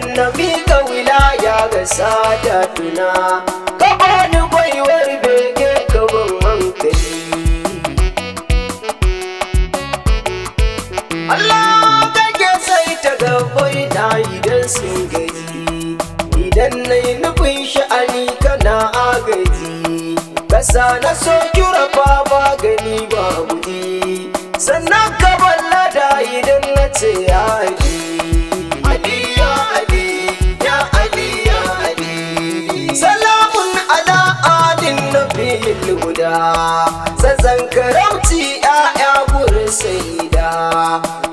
dan na miƙa wilaya ga tuna ka ani baiwar bege ka ban hankali Allah kake sai ta gabai na idan sun gaji idan na yi nufin sha'ani kana agaji kasa na so kira ba gari. fil guda zazan karamci ya'ya gurin sayida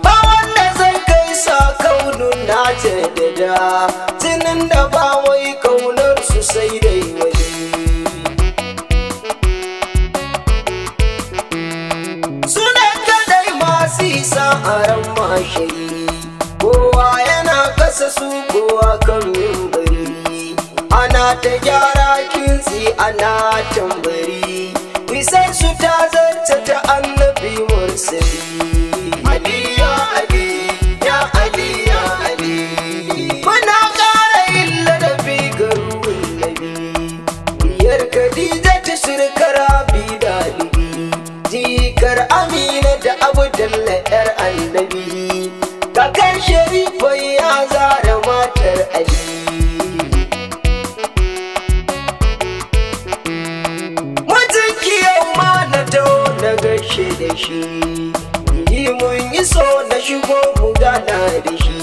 ba wanda zan kai sa kaunun na jaddada jinin da ba wai kaunar su sai dai wani suna kadai masu isa a ran mashari kowa yana kasa su kowa kan yin ana ta gyara kintsi ana tambari wisan su ta zance ta annabi mursali ali ya ali ya ali ya ali ƙara yin ladabi ga ruhun nabi biyar khadija ta shirkar abi da jikar amina da abu dalla yar annabi kakan sharifai ya zara matar ali Yi shi mun yi so na shigo mu gana da shi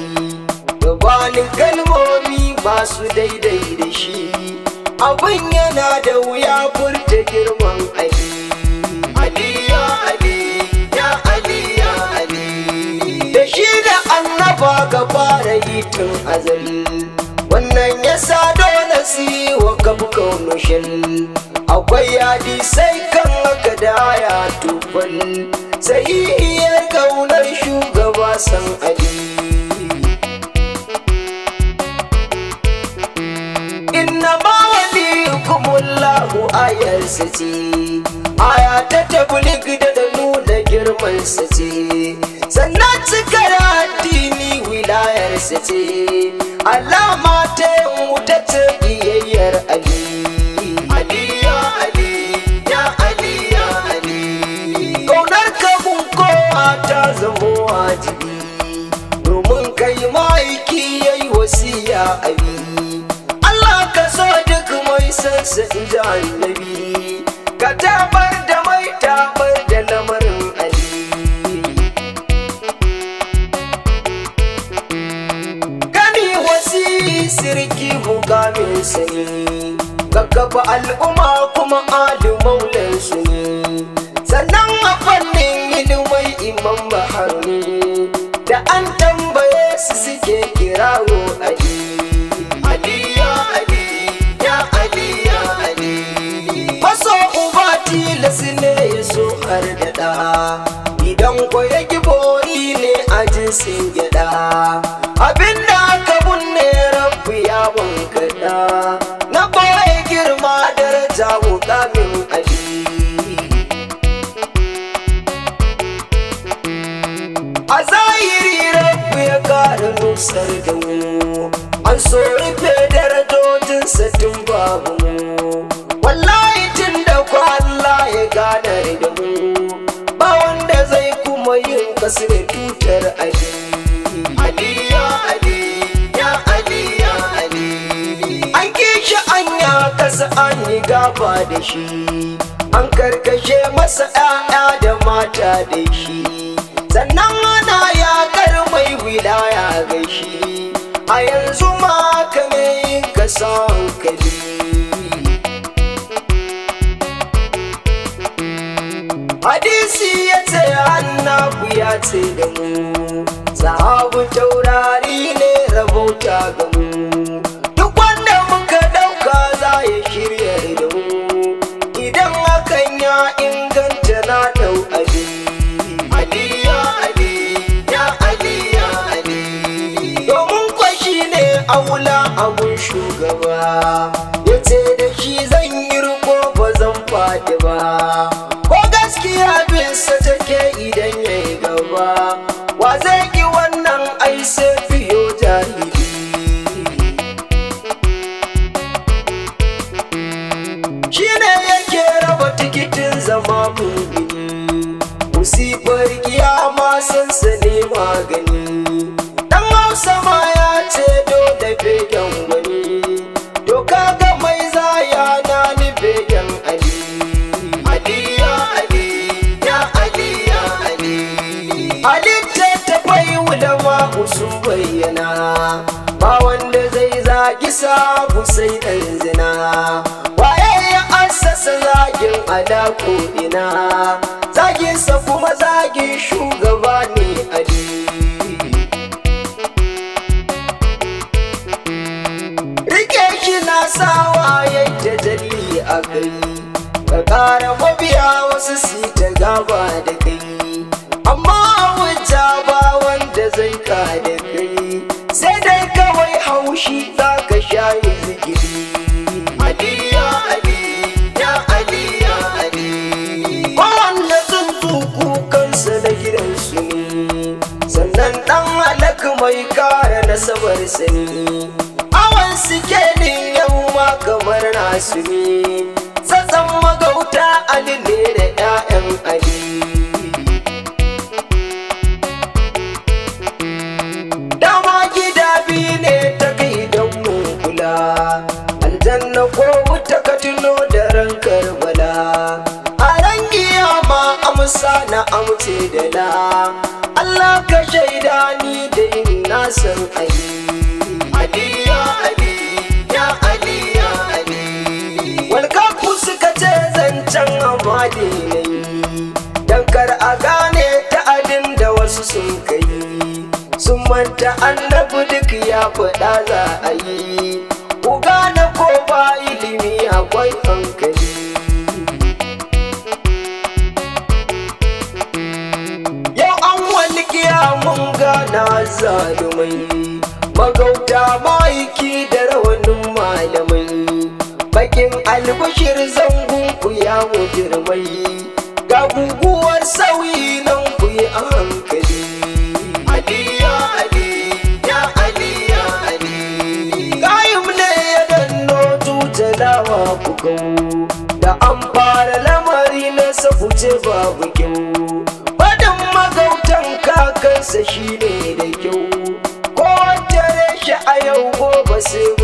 gabanin kalmomi masu daidai da shi abin yana da wuya furta girman ali ali ya ali ya ali ya ali da shi da annaba ga fara yi tun azali wannan yasa dole su wa kabu kaunushin akwai yadi sai kan haka da hayatu jam'iyyar kaunar shugaba san aji. inna ma waliyukum wallahu ayar ce aya ta gida da da nuna girman sa ce sannan da addini wilayar sa alama ta yin wuta ta biyayyar aji. ta zamo wajibi domin kai ma'aiki ya yi wasiya abi Allah ka so duk mai sansa in ji annabi ka tabar da mai tabar da lamarin ali Kani wasi sirki mukamin sani kafa al'umma kuma adu maulansu ne sannan a fannin yin sun gyaɗa abin da aka bunne rabbi ya bunkaɗa na boye girma daraja mukamin ali a zahiri rabbi ya kara nusar da mu an so rufe darajojinsa tun babu mu wallahi tun da ku Allah ya gadar da mu ba wanda zai kuma yin kasirfi masa an yi gaba da shi an karkashe masa 'ya'ya da mata da shi sannan ana yaƙar mai wilaya ga shi a yanzu ma ka ne ka hadisi ya ce annabu ya ce da mu sahabu taurari ne rabauta ga mu inganta na dau ali ali ya ali ya ali ya ali domin kwashi ne aula abun shugaba yace da shi zan yi riko ba zan faɗi ba Musa sai ɗan zina waye ya sa zagin ada ko ina sa kuma zagin shugaba ne a shi sawa waye jajali a kai ka kara mabiya wasu su ta gaba da kai mai kara nasabar sani awan suke ni yau ma kamar nasu ne sassan magauta ali ne da 'ya'yan ali dama gida biyu ne ta kai don mugula aljanna ko wuta ka tuno da ran karbala a ran ma amsa na amce da la Allah ka shaida ni dai san ali ali ya ali ya ali ya ali walkaku suka ce zancen amadi ne dan kar a gane ta adin da wasu sun kai sun manta annabi duk ya faɗa za a yi sarkin albashir zangon ku yawo girmai ga guguwar sauyi nan ku yi a hankali ne ya da an fara lamari na ce babu kyau faɗin magautan kakansa ne da kyau ko wancan shi a yau gobe sai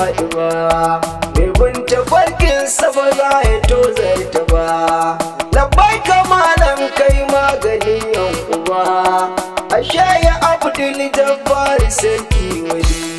faɗi ba mai binta farkin safa za ya tozarta ba labbai kamalan kai maganin yan uba ashe ya abdul jabbar sarki wani